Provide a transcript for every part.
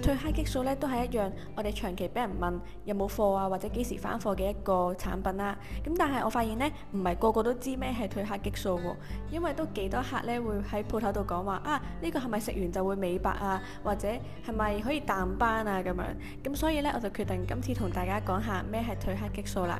褪黑激素咧都係一樣，我哋長期俾人問有冇貨啊，或者幾時返貨嘅一個產品啦、啊。咁但係我發現呢，唔係個個都知咩係褪黑激素喎，因為都幾多客咧會喺鋪頭度講話啊，呢、這個係咪食完就會美白啊，或者係咪可以淡斑啊咁樣。咁所以呢，我就決定今次同大家講下咩係褪黑激素啦。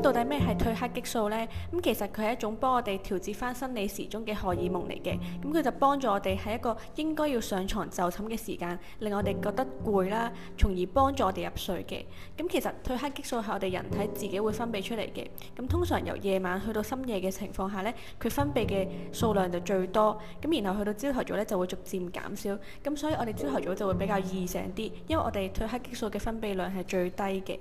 到底咩係褪黑激素呢？咁其實佢係一種幫我哋調節翻生理時鐘嘅荷爾蒙嚟嘅。咁佢就幫助我哋喺一個應該要上床就寢嘅時間，令我哋覺得攰啦，從而幫助我哋入睡嘅。咁其實褪黑激素係我哋人體自己會分泌出嚟嘅。咁通常由夜晚去到深夜嘅情況下呢，佢分泌嘅數量就最多。咁然後去到朝頭早呢，就會逐漸減少。咁所以我哋朝頭早就會比較易醒啲，因為我哋褪黑激素嘅分泌量係最低嘅。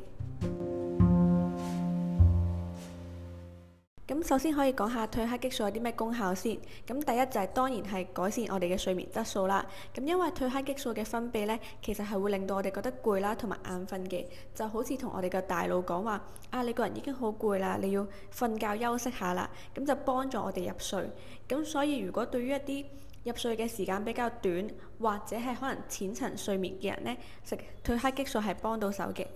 咁首先可以講下褪黑激素有啲咩功效先。咁第一就係當然係改善我哋嘅睡眠質素啦。咁因為褪黑激素嘅分泌呢，其實係會令到我哋覺得攰啦，同埋眼瞓嘅，就好似同我哋嘅大腦講話：啊，你個人已經好攰啦，你要瞓覺休息下啦。咁就幫助我哋入睡。咁所以如果對於一啲入睡嘅時間比較短，或者係可能淺層睡眠嘅人呢，食褪黑激素係幫到手嘅。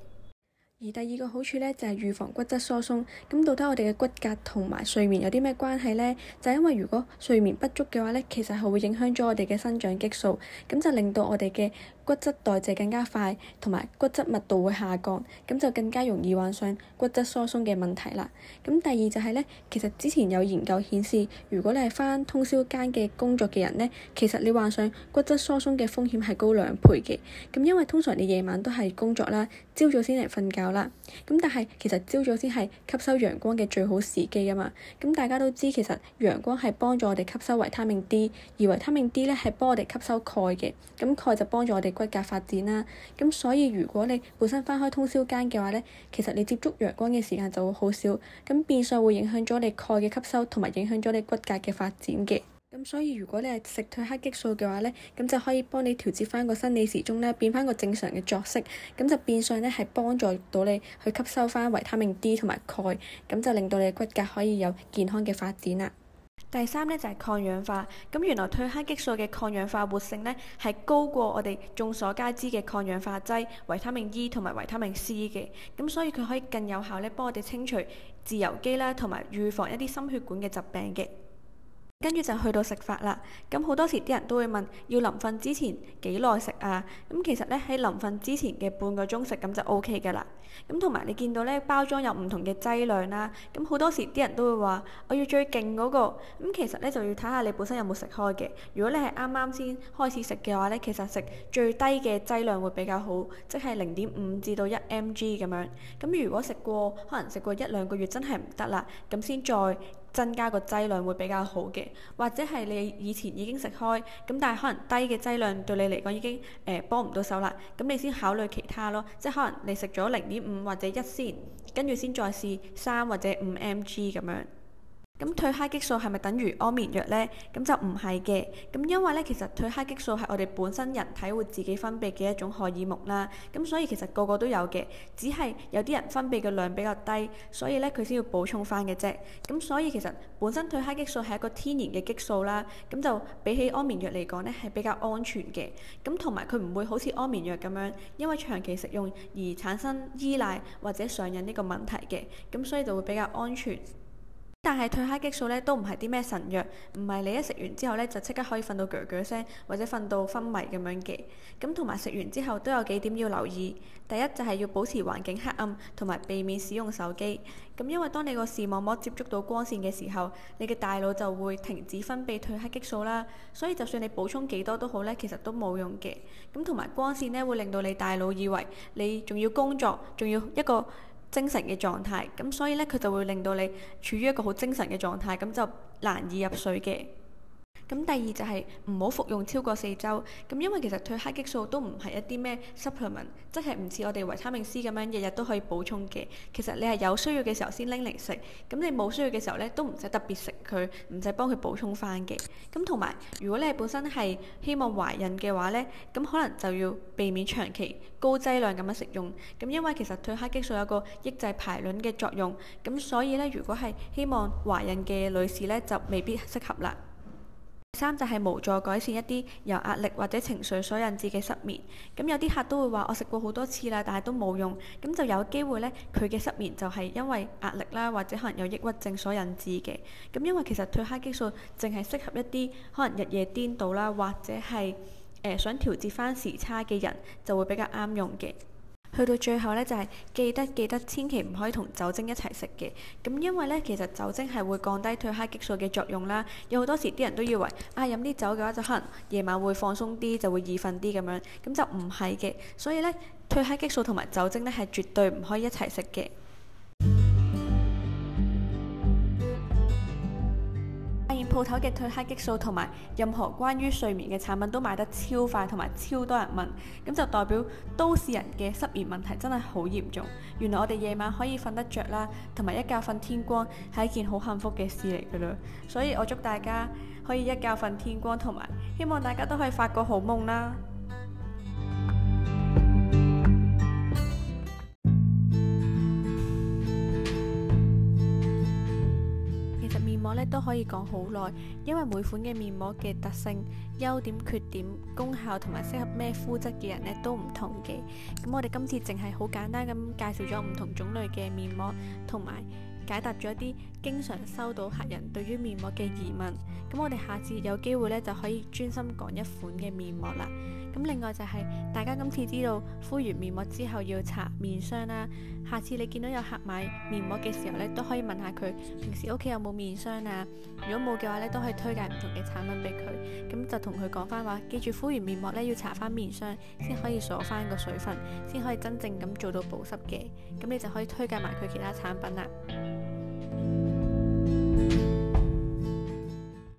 而第二個好處呢，就係、是、預防骨質疏鬆。咁到底我哋嘅骨骼同埋睡眠有啲咩關係呢？就係、是、因為如果睡眠不足嘅話呢，其實係會影響咗我哋嘅生長激素，咁就令到我哋嘅。骨質代謝更加快，同埋骨質密度會下降，咁就更加容易患上骨質疏鬆嘅問題啦。咁第二就係咧，其實之前有研究顯示，如果你係返通宵間嘅工作嘅人咧，其實你患上骨質疏鬆嘅風險係高兩倍嘅。咁因為通常你夜晚都係工作啦，朝早先嚟瞓覺啦。咁但係其實朝早先係吸收陽光嘅最好時機啊嘛。咁大家都知其實陽光係幫助我哋吸收維他命 D，而維他命 D 咧係幫我哋吸收鈣嘅。咁鈣就幫助我哋。骨骼發展啦，咁所以如果你本身翻開通宵間嘅話咧，其實你接觸陽光嘅時間就會好少，咁變相會影響咗你鈣嘅吸收，同埋影響咗你骨骼嘅發展嘅。咁所以如果你係食褪黑激素嘅話咧，咁就可以幫你調節翻個生理時鐘咧，變翻個正常嘅作息，咁就變相咧係幫助到你去吸收翻維他命 D 同埋鈣，咁就令到你骨骼可以有健康嘅發展啦。第三咧就係抗氧化，咁原來褪黑激素嘅抗氧化活性咧係高過我哋眾所皆知嘅抗氧化劑維他命 E 同埋維他命 C 嘅，咁所以佢可以更有效咧幫我哋清除自由基啦，同埋預防一啲心血管嘅疾病嘅。跟住就去到食法啦，咁好多時啲人都會問要臨瞓之前幾耐食啊？咁其實呢，喺臨瞓之前嘅半個鐘食咁就 OK 㗎啦。咁同埋你見到呢包裝有唔同嘅劑量啦、啊，咁好多時啲人都會話我要最勁嗰、嗰個，咁其實呢，就要睇下你本身有冇食開嘅。如果你係啱啱先開始食嘅話呢，其實食最低嘅劑量會比較好，即係零點五至到一 mg 咁樣。咁如果食過，可能食過一兩個月真係唔得啦，咁先再。增加個劑量會比較好嘅，或者係你以前已經食開咁，但係可能低嘅劑量對你嚟講已經誒幫唔到手啦，咁你先考慮其他咯，即係可能你食咗零點五或者一先，跟住先再試三或者五 mg 咁樣。咁褪黑激素係咪等於安眠藥呢？咁就唔係嘅。咁因為咧，其實褪黑激素係我哋本身人體會自己分泌嘅一種荷爾蒙啦。咁所以其實個個都有嘅，只係有啲人分泌嘅量比較低，所以咧佢先要補充翻嘅啫。咁所以其實本身褪黑激素係一個天然嘅激素啦。咁就比起安眠藥嚟講咧，係比較安全嘅。咁同埋佢唔會好似安眠藥咁樣，因為長期食用而產生依賴或者上癮呢個問題嘅。咁所以就會比較安全。但係褪黑激素咧，都唔係啲咩神藥，唔係你一食完之後咧，就即刻可以瞓到鋸鋸聲，或者瞓到昏迷咁樣嘅。咁同埋食完之後都有幾點要留意，第一就係要保持環境黑暗，同埋避免使用手機。咁因為當你個視網膜接觸到光線嘅時候，你嘅大腦就會停止分泌褪黑激素啦。所以就算你補充幾多都好咧，其實都冇用嘅。咁同埋光線咧，會令到你大腦以為你仲要工作，仲要一個，精神嘅狀態，咁所以呢，佢就會令到你處於一個好精神嘅狀態，咁就難以入睡嘅。咁第二就係唔好服用超過四周，咁因為其實褪黑激素都唔係一啲咩 supplement，即係唔似我哋維他命 C 咁樣日日都可以補充嘅。其實你係有需要嘅時候先拎嚟食，咁你冇需要嘅時候咧都唔使特別食佢，唔使幫佢補充返嘅。咁同埋如果你係本身係希望懷孕嘅話咧，咁可能就要避免長期高劑量咁樣食用，咁因為其實褪黑激素有個抑制排卵嘅作用，咁所以咧如果係希望懷孕嘅女士咧就未必適合啦。三就係無助改善一啲由壓力或者情緒所引致嘅失眠，咁有啲客都會話我食過好多次啦，但係都冇用，咁就有機會呢，佢嘅失眠就係因為壓力啦，或者可能有抑鬱症所引致嘅，咁因為其實褪黑激素淨係適合一啲可能日夜顛倒啦，或者係誒、呃、想調節返時差嘅人就會比較啱用嘅。去到最後咧，就係記得記得，千祈唔可以同酒精一齊食嘅。咁因為咧，其實酒精係會降低褪黑激素嘅作用啦。有好多時啲人都以為啊，飲啲酒嘅話就可能夜晚會放鬆啲，就會易瞓啲咁樣。咁就唔係嘅。所以咧，褪黑激素同埋酒精咧係絕對唔可以一齊食嘅。鋪頭嘅褪黑激素同埋任何關於睡眠嘅產品都買得超快，同埋超多人問，咁就代表都市人嘅失眠問題真係好嚴重。原來我哋夜晚可以瞓得着啦，同埋一覺瞓天光係一件好幸福嘅事嚟噶啦。所以我祝大家可以一覺瞓天光，同埋希望大家都可以發個好夢啦。都可以講好耐，因為每款嘅面膜嘅特性，優點、缺點、功效同埋適合咩膚質嘅人呢都唔同嘅。咁我哋今次淨係好簡單咁介紹咗唔同種類嘅面膜，同埋解答咗啲經常收到客人對於面膜嘅疑問。咁我哋下次有機會呢，就可以專心講一款嘅面膜啦。咁另外就係大家今次知道敷完面膜之後要搽面霜啦。下次你見到有客買面膜嘅時候呢，都可以問下佢平時屋企有冇面霜啊。如果冇嘅話呢，都可以推介唔同嘅產品俾佢。咁就同佢講翻話，記住敷完面膜呢，要搽翻面霜，先可以鎖翻個水分，先可以真正咁做到保濕嘅。咁你就可以推介埋佢其他產品啦。